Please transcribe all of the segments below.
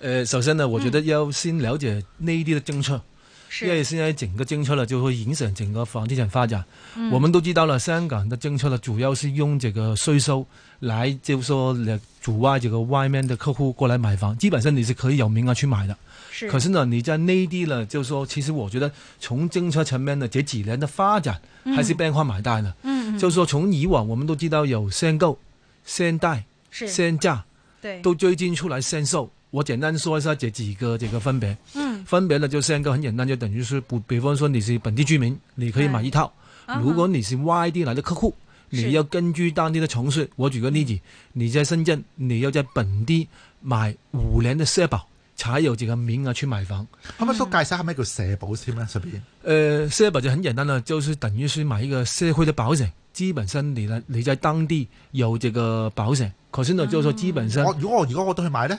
呃，首先呢，我覺得要先了解內地的政策，嗯、是因為現在整個政策呢，就會影響整個房地產發展。嗯、我們都知道了，香港的政策呢，主要是用這個稅收來，就是說嚟阻礙這個外面的客戶過來買房。基本上你是可以有名額去買的。是，可是呢，你在內地呢，就是說其實我覺得從政策層面的這幾年的發展還是變化蠻大的。嗯，就是說從以往，我們都知道有限購、限貸、限是價，對，都最近出來限售。我簡單說一下這幾個這個分別，嗯、分別呢就三個，很簡單就等於是，比比方說你是本地居民，你可以買一套；哎、如果你是外地來的客戶，是你要根據當地的城市。我舉個例子，嗯、你在深圳，你要在本地買五年的社保，才有這個名額去買房。他們說介紹下係咩叫社保先啦？上面、啊？社保就很簡單啦，就是等於是買一個社會的保險，基本上你呢，你在當地有這個保險，可是就就說基本上。嗯、我如果我如果我都去買呢？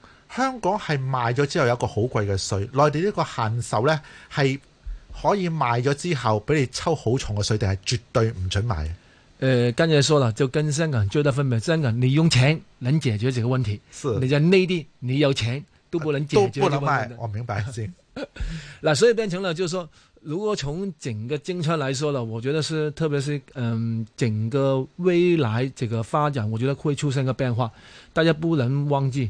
香港係賣咗之後有一個好貴嘅稅，內地呢個限售呢係可以賣咗之後俾你抽好重嘅稅，定係絕對唔准賣？誒、呃，跟住說了，就跟香港最大分別，香港你用錢能解決這個問題，是的，你就內地你有錢都不能解決、呃、都不能賣，我明白先。嗱， 所以變成了，就是說，如果從整個政策來說啦，我覺得是，特別是嗯，整個未來這個發展，我覺得會出現個變化，大家不能忘記。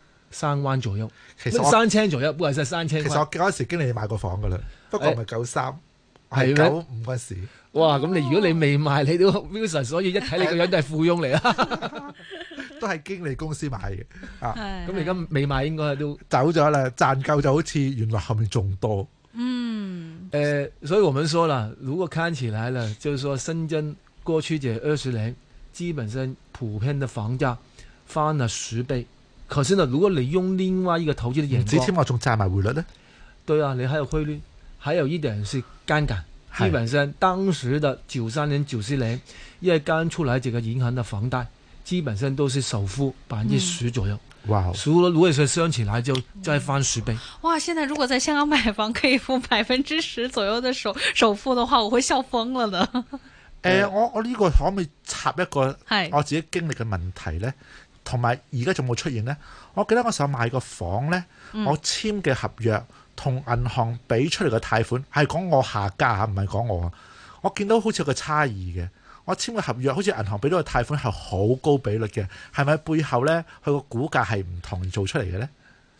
三灣左右，其實三千左右，本來係三千。其實我嗰陣時經理你買過房噶啦，不過唔係九三，係九五嗰時。哇！咁你如果你未買，你都 Wilson，、哦、所以一睇你個樣都係富翁嚟啊， 都係經理公司買嘅啊。咁而家未買應該都走咗啦，賺夠就好似原來後面仲多。嗯。誒、呃，所以我們說啦，如果看起來咧，就是說深圳過去這二十年，基本上普遍的房價翻了十倍。可是呢，如果你用另外一個投資的眼光，唔止仲賺埋匯率呢？對啊，你還有匯率，還有一點是槓桿。是的基本上當時的九三年、九四年，因為剛出來這個銀行的房貸，基本上都是首付百分之十左右。哇、嗯！數如果算相起來，就再翻十倍、嗯。哇！現在如果在香港買房可以付百分之十左右的首首付的話，我會笑瘋了的。呃、對我我呢個可唔可以插一個，係我自己經歷嘅問題呢？同埋而家仲冇出現呢。我記得我想買個房呢，我簽嘅合約同銀行俾出嚟嘅貸款係講、嗯、我下價，唔係講我。我見到好似有個差異嘅，我簽嘅合約好似銀行俾到嘅貸款係好高比率嘅，係咪背後呢？佢個估價係唔同做出嚟嘅呢？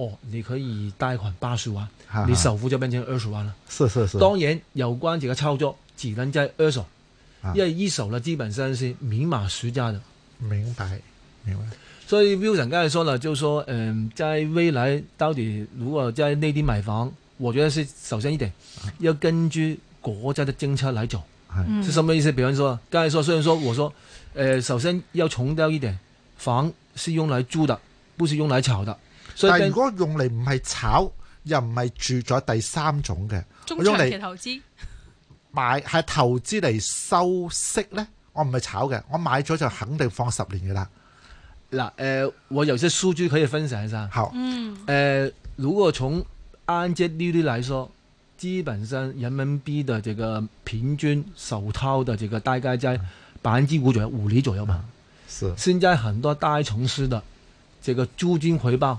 哦，你可以貸款八十萬，哈哈你首付就變成二十萬了。是是是，當然有關這個操作只能在二手，啊、因為一手呢基本上是明碼實價的。明白明白。明白所以 William 剛才說了，就是說嗯、呃，在未來到底如果在內地買房，我覺得是首先一點，要根據國家的政策來走，嗯、是什麼意思？比方說，剛才說，雖然說我說、呃，首先要重調一點，房是用來住的，不是用來炒的。但如果用嚟唔係炒，又唔係住咗第三種嘅，資用嚟投資買係投資嚟收息咧，我唔係炒嘅，我買咗就肯定放十年嘅啦。嗱，誒，我有些數據可以分享一下。好，嗯，誒、呃，如果從按揭利率嚟說，基本上人民幣的這個平均首套的這個大概在、嗯、百分之五左右，五厘左右嘛。嗯、是，現在很多大城市的這個租金回報。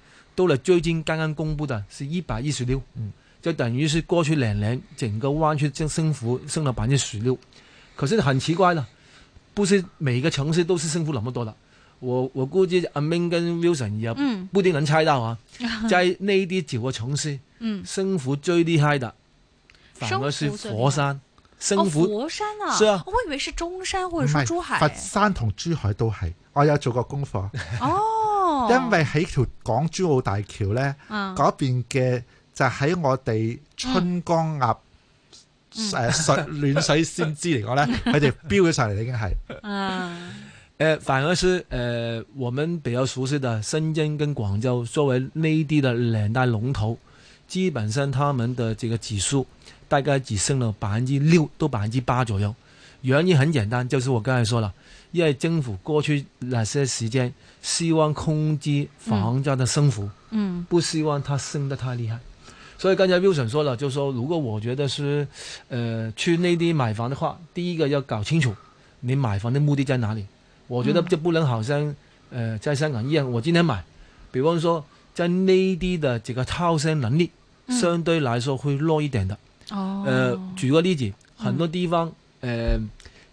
到嚟最近剛剛公布的是一百一十六，嗯、就等於是過去兩年，年整個灣區增升幅升了百分之十六。可是很奇怪啦，不是每一個城市都是升幅那麼多的。我我估計阿明跟 Wilson 也不一定能猜到啊，嗯、在呢啲九個城市、嗯、升幅最厲害的，反而是佛山升幅、哦，佛山啊，是啊，我以為是中山或者珠海。是佛山同珠海都係，我有做過功課。 因為喺條港珠澳大橋咧，嗰邊嘅就喺我哋春江鴨誒水暖水先知嚟講咧，佢哋飆咗曬嚟已經係。誒、嗯呃，反而是誒、呃，我們比較熟悉的深圳跟廣州，作為內地嘅兩大龍頭，基本上他們嘅這個指數大概只升了百分之六到百分之八左右。原因很簡單，就是我剛才説了。因為政府過去那些時間，希望控制房價的升幅，嗯，不希望它升得太厲害。嗯、所以剛才 Wilson 說了就說，如果我覺得是，呃去內地買房的話，第一個要搞清楚你買房的目的在哪裏。我覺得就不能好像、嗯、呃在香港一樣，我今天買，比方說在內地的這個套現能力，嗯、相對來說會弱一點的。哦，誒、呃，舉個例子，很多地方、嗯、呃。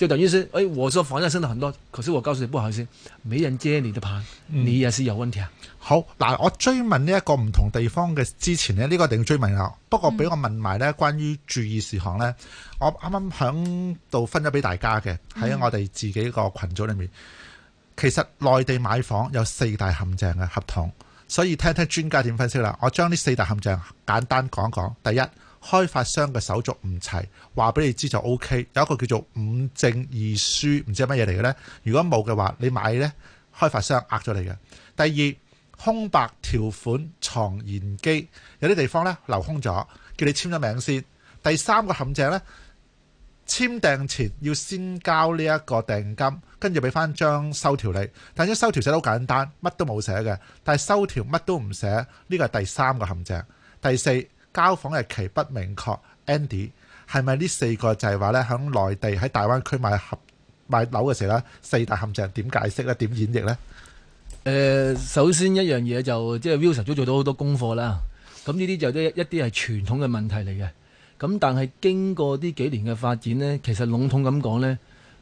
就等於是、哎，我說房價升得很多，可是我告訴你，不，不好意思，沒人接你的盤，你也是有問題啊。嗯、好，嗱，我追問呢一個唔同地方嘅之前呢，呢、這個一定要追問。不過俾我問埋呢關於注意事項呢、嗯，我啱啱響度分咗俾大家嘅喺我哋自己個群組裏面。嗯、其實內地買房有四大陷阱嘅合同，所以聽聽專家點分析啦。我將呢四大陷阱簡單講講。第一。開發商嘅手續唔齊，話俾你知就 OK。有一個叫做五證二書，唔知係乜嘢嚟嘅呢？如果冇嘅話，你買呢，開發商呃咗你嘅。第二，空白條款藏言機，有啲地方呢留空咗，叫你簽咗名先。第三個陷阱呢，簽訂前要先交呢一個訂金，跟住俾翻張收條你。但一收條寫得好簡單，乜都冇寫嘅。但係收條乜都唔寫，呢個係第三個陷阱。第四。交房日期不明確，Andy 係咪呢四個就係話呢？響內地喺大灣區買合買樓嘅時候咧，四大陷阱點解釋呢？點演繹呢？誒、呃，首先一樣嘢，就即係、就、Wilson、是、都做咗好多功課啦。咁呢啲就都一啲係傳統嘅問題嚟嘅。咁但係經過呢幾年嘅發展呢，其實籠統咁講呢，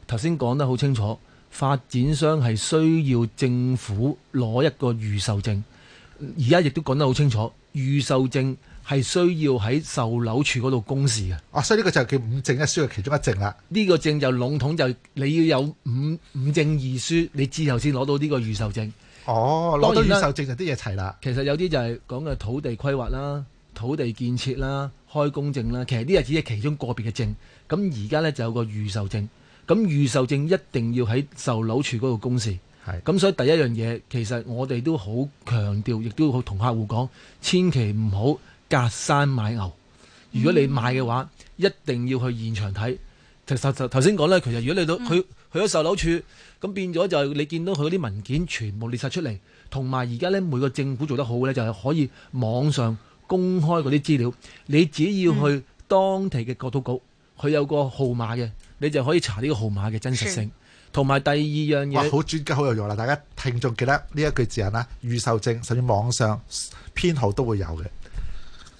頭先講得好清楚，發展商係需要政府攞一個預售證，而家亦都講得好清楚預售證。係需要喺售樓處嗰度公示嘅。啊，所以呢個就叫五證一書嘅其中一證啦。呢個證就籠統就你要有五五證二書，你之後先攞到呢個預售證。哦，攞到預售證就啲嘢齊啦。其實有啲就係講嘅土地規劃啦、土地建設啦、開工證啦。其實呢啲只係其中個別嘅證。咁而家呢就有個預售證。咁預售證一定要喺售樓處嗰度公示。係的。咁所以第一樣嘢，其實我哋都好強調，亦都好同客戶講，千祈唔好。隔山買牛，如果你買嘅話，嗯、一定要去現場睇。其實頭先講呢，其實如果你，去、嗯、去你到去去咗售樓處，咁變咗就係你見到佢啲文件全部列晒出嚟，同埋而家呢，每個政府做得好呢，就係可以網上公開嗰啲資料。你只要去當地嘅國土局，佢有個號碼嘅，你就可以查呢個號碼嘅真實性。同埋的第二樣嘢，哇，好專家好有用啦！大家聽眾記得呢一句字眼啦，預售證甚至網上編號都會有嘅。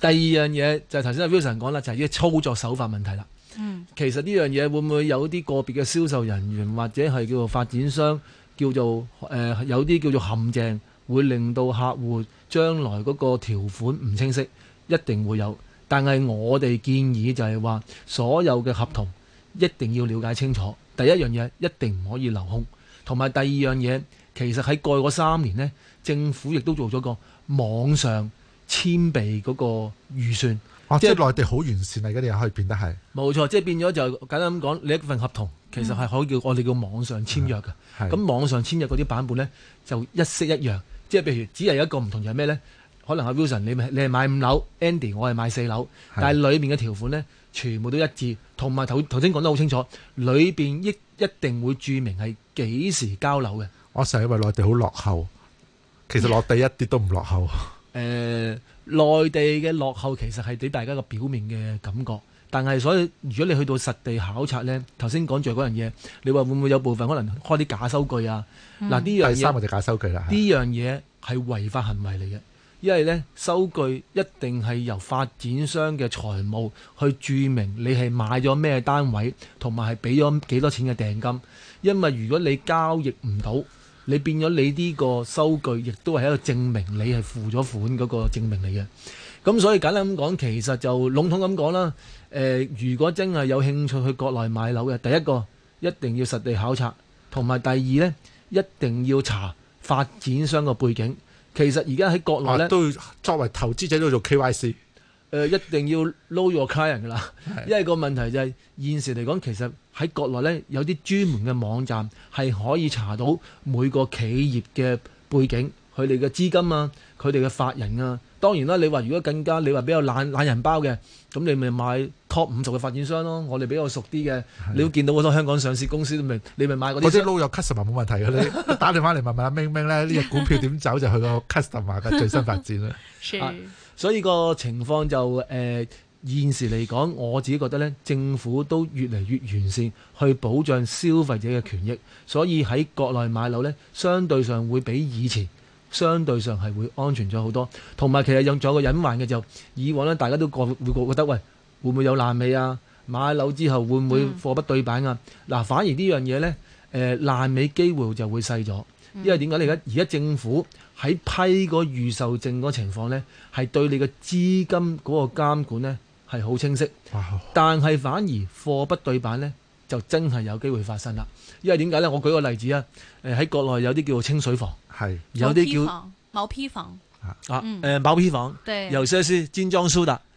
第二樣嘢就係頭先阿 Wilson 講啦，就係、是、啲、就是、操作手法問題啦。嗯，其實呢樣嘢會唔會有啲個別嘅銷售人員或者係叫做發展商叫做誒、呃、有啲叫做陷阱，會令到客戶將來嗰個條款唔清晰，一定會有。但係我哋建議就係話，所有嘅合同一定要了解清楚。第一樣嘢一定唔可以留空，同埋第二樣嘢，其實喺過嗰三年呢，政府亦都做咗個網上。簽備嗰個預算，哦、即係是內地好完善啊！而家你又可以變得係冇錯，即係變咗就簡單咁講，你一份合同、嗯、其實係可以叫我哋叫網上簽約㗎。咁網上簽約嗰啲版本呢，就一式一樣。即係譬如，只係有一個唔同就係咩呢？可能阿 Wilson 你你係買五樓，Andy 我係買四樓，的但係裏面嘅條款呢，全部都一致。同埋頭頭先講得好清楚，裏邊亦一定會注明係幾時交樓嘅。我成日以為內地好落後，其實落地一啲都唔落後。 誒，內地嘅落後其實係俾大家個表面嘅感覺，但係所以如果你去到實地考察呢，頭先講住嗰樣嘢，你話會唔會有部分可能開啲假收據啊？嗱、嗯，呢樣嘢第三個就假收據啦。呢樣嘢係違法行為嚟嘅，因為呢收據一定係由發展商嘅財務去註明你係買咗咩單位，同埋係俾咗幾多錢嘅訂金，因為如果你交易唔到。你變咗你呢個收據，亦都係喺一個證明你係付咗款嗰個證明嚟嘅。咁所以簡單咁講，其實就籠統咁講啦。誒，如果真係有興趣去國內買樓嘅，第一個一定要實地考察，同埋第二呢，一定要查發展商嘅背景。其實而家喺國內呢、啊，都作為投資者都要做 KYC。誒、呃、一定要撈個 customer 㗎啦，是的 因為個問題就係、是、現時嚟講，其實喺國內咧有啲專門嘅網站係可以查到每個企業嘅背景、佢哋嘅資金啊、佢哋嘅法人啊。當然啦，你話如果更加你話比較懶懶人包嘅，咁你咪買 top 五十嘅發展商咯。我哋比較熟啲嘅，是的 你都見到好多香港上市公司都明，你咪買嗰啲。嗰啲撈有 customer 冇問題㗎， 你打電話嚟問問、啊，明唔明咧？呢、這個股票點走就去到 customer 嘅最新發展啦。 所以個情況就誒、呃、現時嚟講，我自己覺得咧，政府都越嚟越完善去保障消費者嘅權益。所以喺國內買樓呢，相對上會比以前相對上係會安全咗好多。同埋其實有咗有個隱患嘅就以往咧，大家都過會覺得喂，會唔會有爛尾啊？買樓之後會唔會貨不對版啊？嗱、嗯，反而呢樣嘢呢，誒、呃、爛尾機會就會細咗，因為點解你而家而家政府？喺批個預售證嗰情況呢，係對你嘅資金嗰個監管呢係好清晰，但係反而貨不對辦呢，就真係有機會發生啦。因為點解呢？我舉個例子啊，誒喺國內有啲叫做清水房，係是有啲叫毛坯房，某批毛坯房，有些、啊呃、對是精裝修的。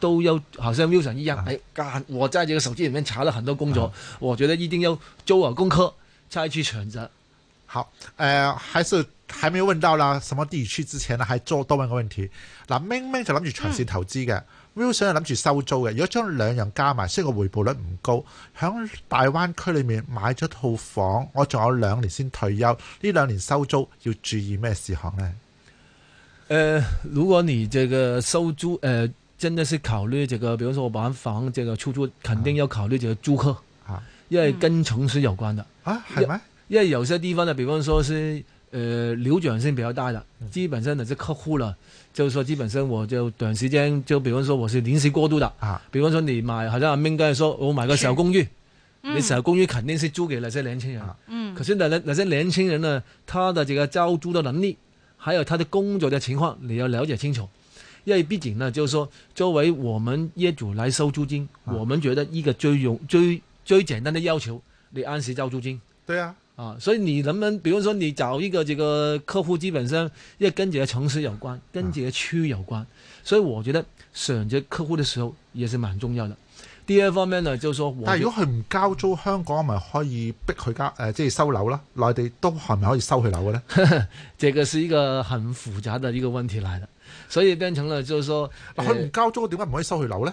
都有，好似 Wilson 一樣，誒、啊哎，我在這個手機裏面查了很多工作，啊、我覺得一定要做完功課再去選擇。好，誒、呃，還是還沒問到啦，什麼地區之前啦，還做多問個問題。嗱，明明就諗住長線投資嘅，Wilson 係諗住收租嘅。如果將兩樣加埋，雖然個回報率唔高，響大灣區裏面買咗套房，我仲有兩年先退休，呢兩年收租要注意咩事項呢？誒、呃，如果你這個收租，誒、呃。真的是考慮這個，比方說我買房，這個出租肯定要考慮這個租客，嗯、因為跟城市有關的、嗯、啊，係咩？因為有些地方呢，比方說是，呃，流轉性比較大的，基本上呢是客戶呢，就是說基本上我就短時間就，比方說我是臨時過渡的，啊，比方說你買，好像阿明哥說，我買個小公寓，嗯、你小公寓肯定是租給那些年輕人，啊、嗯，可是那那那些年輕人呢，他的這個招租的能力，還有他的工作的情況，你要了解清楚。因為畢竟呢，就是說，作為我們業主來收租金，啊、我們覺得一個最容最最簡單的要求，你按時交租金。對啊，啊，所以你能不能，比如說你找一個這個客戶，基本上，因為跟這個城市有關，跟這個區有關，啊、所以我覺得上只客戶的時候也是蠻重要的。第二方面呢，就係，但是如果佢唔交租，香港咪、嗯、可以逼佢交誒，即、呃、係、就是、收樓啦。內地都係咪可以收佢樓嘅呢？ 這個是一個很複雜的一個問題嚟的。所以變成了就是說嗱，佢唔交租，點解唔可以收佢樓咧？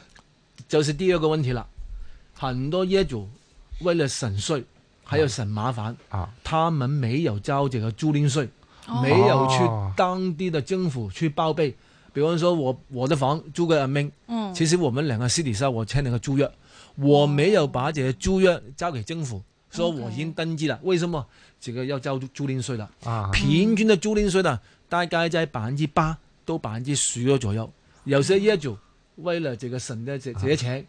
就是第二個問題了。很多業主為了省稅，還有省麻煩、嗯，啊，他們沒有交這個租賃稅，沒有去當地的政府去報備。哦哦、比方說我我的房租給阿明，嗯，其實我們兩個私底下我簽了個租約，我沒有把這個租約交給政府，說我已經登記啦。為什麼這個要交租賃稅了啊，嗯、平均的租賃稅啦，大概在百分之八。都百分之十左右，有些業主為了這個省的這這一錢，啊、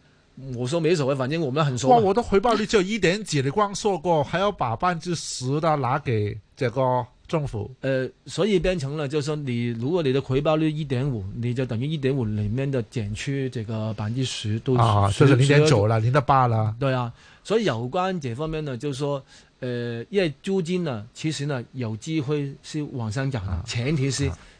我說沒所謂，反正我們很熟悉。哇，我的回報率只有一點幾， 你光說過還要把百分之十的拿給這個政府。呃，所以變成了，就是你如果你的回報率一點五，你就等於一點五裏面的減去這個百分之十都啊，就數是零點九啦，零點八啦。了對啊，所以有關這方面呢，就是說呃，因為租金呢，其實呢有機會是往上漲的、啊、前提是。啊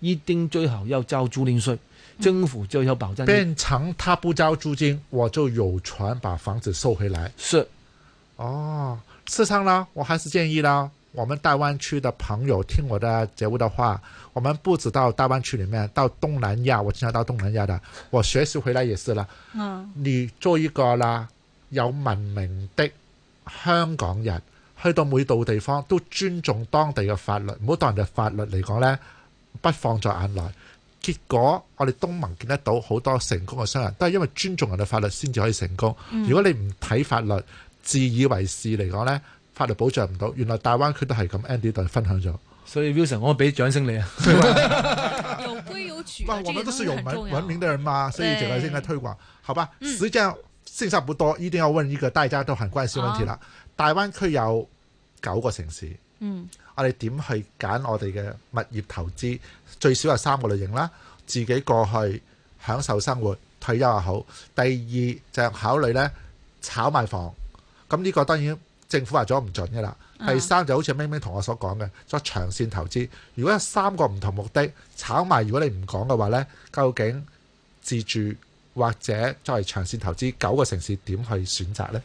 一定最好要交租賃稅，政府就要保障，變成他不交租金，我就有權把房子收回來。是，哦，事實上啦，我還是建議啦，我們大灣區的朋友聽我的節目的話，我們不止到大灣區裏面，到東南亞，我經常到東南亞的，我學習回來也是啦。嗯，你做一個啦有文明的香港人，去到每度地方都尊重當地嘅法律，唔好當人哋法律嚟講咧。不放在眼內，結果我哋東盟見得到好多成功嘅商人，都係因為尊重人哋法律先至可以成功。嗯、如果你唔睇法律，自以為是嚟講咧，法律保障唔到。原來大灣區都係咁，Andy 都分享咗。所以 Wilson，我俾掌聲你啊！有規有矩，咁 我們都是有文文明嘅人嘛，所以這個應該推廣，好吧？時間剩差唔多，一定要問呢個大家都很關心問題啦。啊、大灣區有九個城市，嗯。啊、我哋點去揀我哋嘅物業投資？最少有三個類型啦，自己過去享受生活退休又好。第二就係、是、考慮呢炒賣房，咁、啊、呢、嗯、個當然政府話咗唔準噶啦。第三就好似明明同我所講嘅，作長線投資。如果有三個唔同的目的炒賣，如果你唔講嘅話呢，究竟自住或者作為長線投資，九個城市點去選擇呢？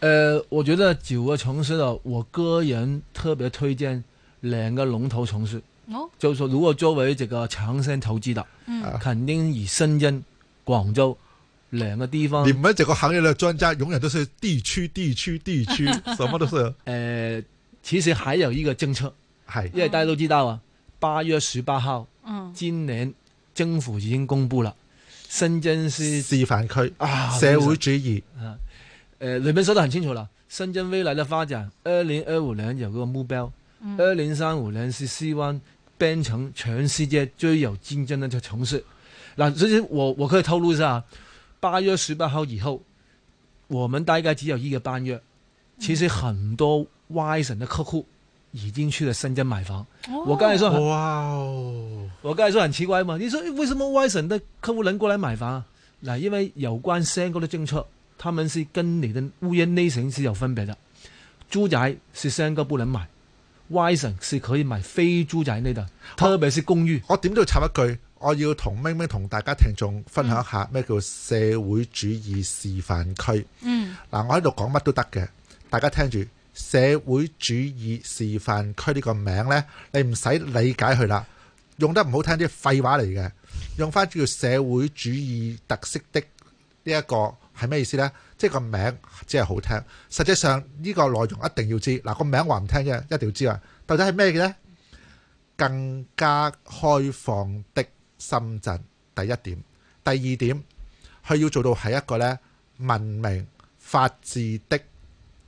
呃，我覺得九個城市的，我個人特別推薦兩個龍頭城市，哦，就是說如果作為這個長線投資的，嗯，肯定以深圳、廣州兩個地方。你們這個行業的專家永遠都是地區、地區、地區，什麼都是。呃，其實還有一個政策，係， 因為大家都知道啊，八月十八號，嗯，今年政府已經公布了，深圳是示範區，啊，啊社會主義，啊、嗯。你裏邊說得很清楚了，深圳未來的發展，二零二五年有個目標，二零三五年是希望變成全世界最有競爭力的城市。嗱，所以我我可以透露一下，八月十八號以後，我們大概只有一個半月。其實很多外省的客戶已經去了深圳買房。哦、我剛才說哇、哦、我剛才說很奇怪嘛，你說、哎、為什麼外省的客戶能過來買房？嗱，因為有關限購的政策。他們是跟你的物業類型是有分別的，住宅是三個不能買，Y 省是可以買非住宅呢的，我特別是公寓。我點都要插一句，我要同明明同大家聽眾分享一下咩叫社會主義示範區。嗯，嗱、啊，我喺度講乜都得嘅，大家聽住社會主義示範區呢個名呢，你唔使理解佢啦，用得唔好聽啲廢話嚟嘅，用翻叫社會主義特色的呢、這、一個。係咩意思呢？即係個名只係好聽，實際上呢個內容一定要知。嗱，個名話唔聽啫，一定要知啊！到底係咩嘅呢？更加開放的深圳，第一點，第二點，佢要做到係一個呢文明法治的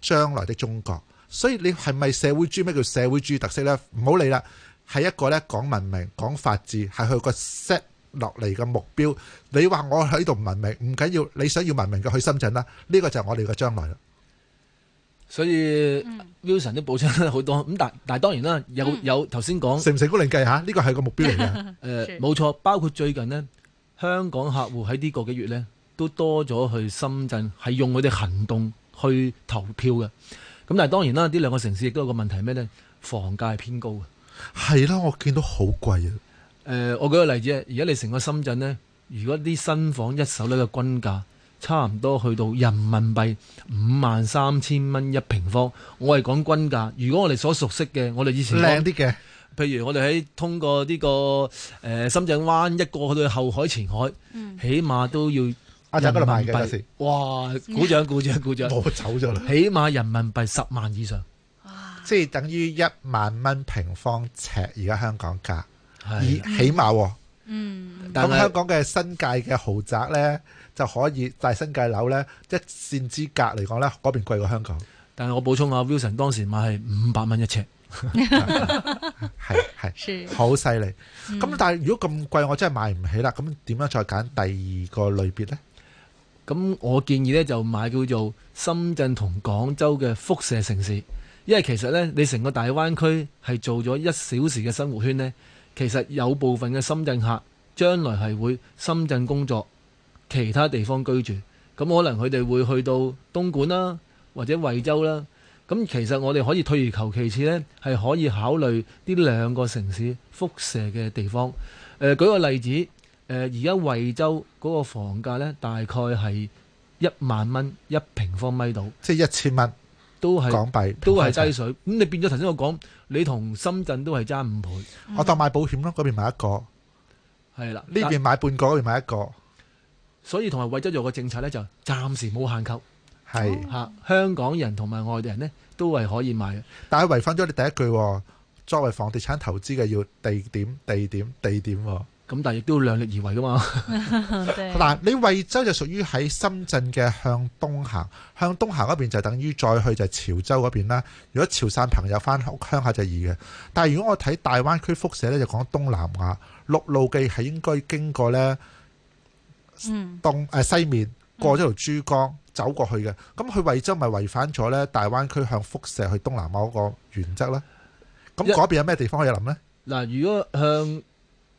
將來的中國。所以你係咪社會主義，咩叫社會主義特色呢？唔好理啦，係一個呢講文明講法治，係佢個 set。落嚟嘅目標，你話我喺度唔文明，唔緊要，你想要文明嘅去深圳啦，呢、這個就係我哋嘅將來啦。所以 Wilson 啲補充咧好多咁，但但係當然啦，有、嗯、有頭先講成唔成功另計下，呢、啊這個係個目標嚟嘅。冇、 呃、錯，包括最近呢，香港客戶喺呢個幾月咧，都多咗去深圳，係用佢哋行動去投票嘅。咁但係當然啦，呢兩個城市亦都有個問題係咩咧？房價係偏高嘅。係啦，我見到好貴啊！誒、呃，我舉個例子啊！而家你成個深圳咧，如果啲新房一手呢個均價差唔多去到人民幣五萬三千蚊一平方，我係講均價。如果我哋所熟悉嘅，我哋以前靚啲嘅，譬如我哋喺通過呢、這個誒、呃、深圳灣一過去到後海、前海，嗯、起碼都要啊！人民幣哇，鼓掌、鼓掌、鼓掌，掌我走咗啦！起碼人民幣十萬以上，哇即係等於一萬蚊平方尺。而家香港價。以起碼，嗯，但香港嘅新界嘅豪宅呢，就可以但新界樓呢，一線之隔嚟講呢，嗰邊貴過香港。但係我補充啊，Wilson 當時買係五百蚊一尺，係係好犀利。咁但係如果咁貴，我真係買唔起啦。咁點樣再揀第二個類別呢？咁、嗯、我建議呢，就買叫做深圳同廣州嘅輻射城市，因為其實呢，你成個大灣區係做咗一小時嘅生活圈呢。其實有部分嘅深圳客將來係會深圳工作，其他地方居住，咁可能佢哋會去到東莞啦，或者惠州啦。咁其實我哋可以退而求其次呢，係可以考慮呢兩個城市輻射嘅地方。誒、呃，舉個例子，呃，而家惠州嗰個房價呢，大概係一萬蚊一平方米到，即係一千蚊。都係港幣，都係低水。咁、嗯、你變咗，頭先我講，你同深圳都係爭五倍。嗯、我當買保險咯，嗰邊買一個，係啦的，呢邊買半個，嗰邊買一個。所以同埋為咗做個政策呢，就暫時冇限購，係嚇是、嗯、香港人同埋外地人呢，都係可以買。但係違反咗你第一句，作為房地產投資嘅要地點、地點、地點。咁但係亦都要量力而為噶嘛 對？嗱，你惠州就屬於喺深圳嘅向東行，向東行嗰邊就等於再去就係潮州嗰邊啦。如果潮汕朋友翻屋鄉下就易嘅，但係如果我睇大灣區輻射咧，就講東南亞陸路嘅係應該經過咧，東誒西面過咗條珠江走過去嘅。咁去惠州咪違反咗咧大灣區向輻射去東南亞嗰個原則咧？咁嗰邊有咩地方可以諗呢？嗱，如果向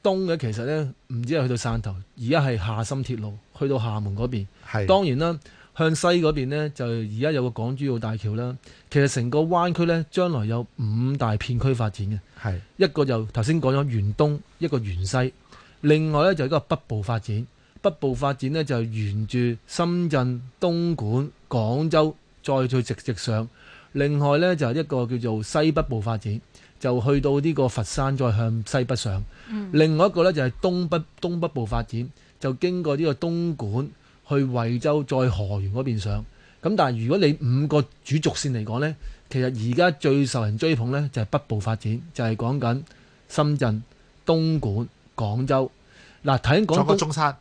東嘅其實呢，唔止係去到汕頭，而家係廈深鐵路去到廈門嗰邊。係是的 當然啦，向西嗰邊呢，就而家有個港珠澳大橋啦。其實成個灣區呢，將來有五大片區發展嘅。係是的 一個就頭先講咗沿東，一個沿西，另外呢，就係一個北部發展。北部發展呢，就係沿住深圳、東莞、廣州再去直直上。另外呢，就係一個叫做西北部發展。就去到呢個佛山，再向西北上；嗯、另外一個呢，就係東北東北部發展，就經過呢個東莞去惠州，再河源嗰邊上。咁但係如果你五個主軸線嚟講呢，其實而家最受人追捧呢，就係北部發展，就係講緊深圳、東莞、廣州。嗱，睇緊廣東中山，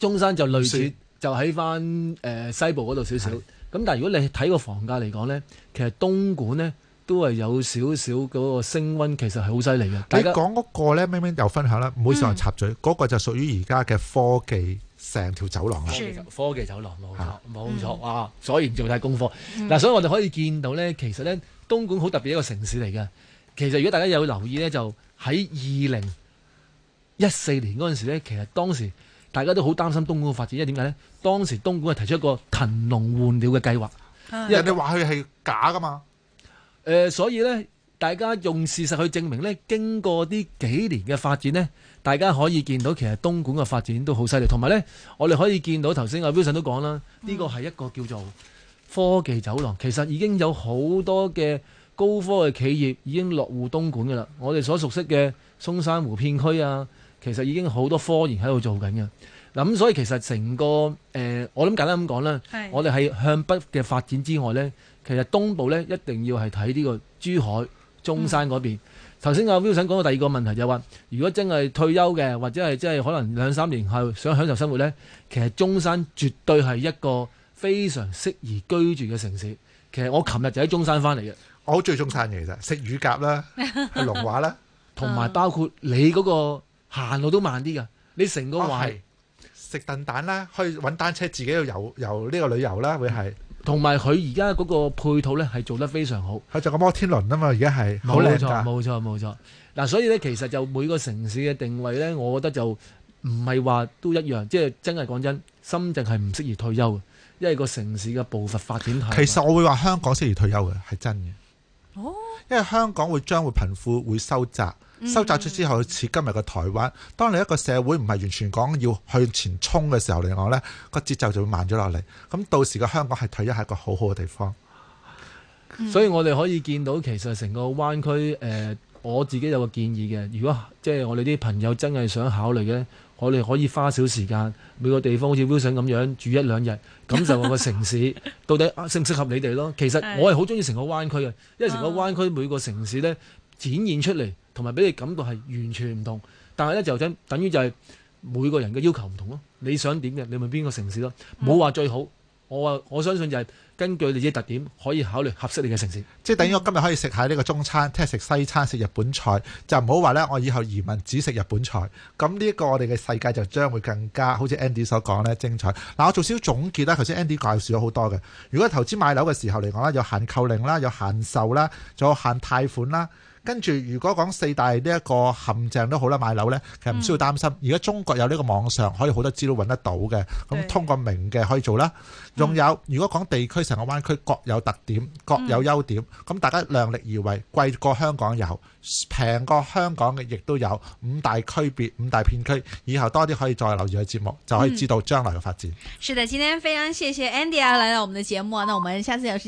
中山就類似算就喺翻誒西部嗰度少少。咁是但係如果你睇個房價嚟講呢，其實東莞呢。都係有少少嗰個升溫，其實係好犀利嘅。你講嗰個咧，明明有分享啦，唔好成日插嘴。嗰、那個就屬於而家嘅科技成條走廊啊，科技走廊冇錯，冇吧錯、嗯、啊。所以做晒功課。嗱、嗯啊，所以我哋可以見到咧，其實咧，東莞好特別一個城市嚟嘅。其實如果大家有留意咧，就喺二零一四年嗰陣時咧，其實當時大家都好擔心東莞嘅發展，因為點解咧？當時東莞係提出一個騰籠換鳥嘅計劃，嗯、因為人哋話佢係假噶嘛。誒、呃，所以咧，大家用事實去證明咧，經過呢幾年嘅發展咧，大家可以見到其實東莞嘅發展都好犀利。同埋咧，我哋可以見到頭先阿 Wilson 都講啦，呢、這個係一個叫做科技走廊。其實已經有好多嘅高科技企業已經落戶東莞噶啦。我哋所熟悉嘅松山湖片區啊，其實已經好多科研喺度做緊嘅。嗱咁，所以其實成個誒、呃，我諗簡單咁講啦，的我哋係向北嘅發展之外咧。其實東部呢一定要係睇呢個珠海、中山嗰邊。頭先阿 Will 想講到第二個問題就係話，如果真係退休嘅，或者係即係可能兩三年後想享受生活呢，其實中山絕對係一個非常適宜居住嘅城市。其實我琴日就喺中山翻嚟嘅，我好中意中山嘅，其實食乳鴿啦，係龍華啦，同埋包括你嗰個行路都慢啲噶，你成個話食燉蛋啦，可以搵單車自己去遊遊呢個旅遊啦，會係。同埋佢而家嗰個配套呢，係做得非常好，佢就有摩天輪啊嘛，而家係，冇錯冇錯冇錯。嗱、啊，所以呢，其實就每個城市嘅定位呢，我覺得就唔係話都一樣，即係真係講真，深圳係唔適宜退休嘅，因為個城市嘅步伐發展太。其實我會話香港適宜退休嘅係真嘅，哦，因為香港會將會貧富會收窄。收窄咗之後，似今日嘅台灣。嗯、當你一個社會唔係完全講要向前衝嘅時候嚟講，呢個節奏就會慢咗落嚟。咁到時個香港係退一係一個好好嘅地方。嗯、所以我哋可以見到，其實成個灣區誒、呃，我自己有個建議嘅。如果即係我哋啲朋友真係想考慮嘅，我哋可以花少時間每個地方，好似 Wilson 咁樣住一兩日，感受個城市 到底、啊、適唔適合你哋咯。其實我係好中意成個灣區嘅，因為成個灣區每個城市呢。展現出嚟，同埋俾你感覺係完全唔同。但係咧就等等於就係每個人嘅要求唔同咯。你想點嘅，你咪邊個城市咯？冇話最好，我話我相信就係根據你自己特點，可以考慮合適你嘅城市。嗯、即係等於我今日可以食下呢個中餐，聽日食西餐，食日本菜，就唔好話咧，我以後移民只食日本菜。咁呢一個我哋嘅世界就將會更加好似 Andy 所講咧精彩。嗱，我做少少總結啦。頭先 Andy 介紹咗好多嘅。如果投資買樓嘅時候嚟講咧，有限購令啦，有限售啦，仲有限貸款啦。跟住，如果講四大呢一個陷阱都好啦，買樓呢其實唔需要擔心。而家、嗯、中國有呢個網上可以好多資料揾得到嘅，咁對通過明嘅可以做啦。仲、嗯、有，如果講地區成個灣區各有特點、各有優點，咁、嗯、大家量力而為，貴過香港有，平過香港嘅亦都有。五大區別、五大片區。以後多啲可以再留意佢節目，就可以知道將來嘅發展、嗯。是的，今天非常謝謝 Andy 啊，來到我們的節目，那我們下次有時。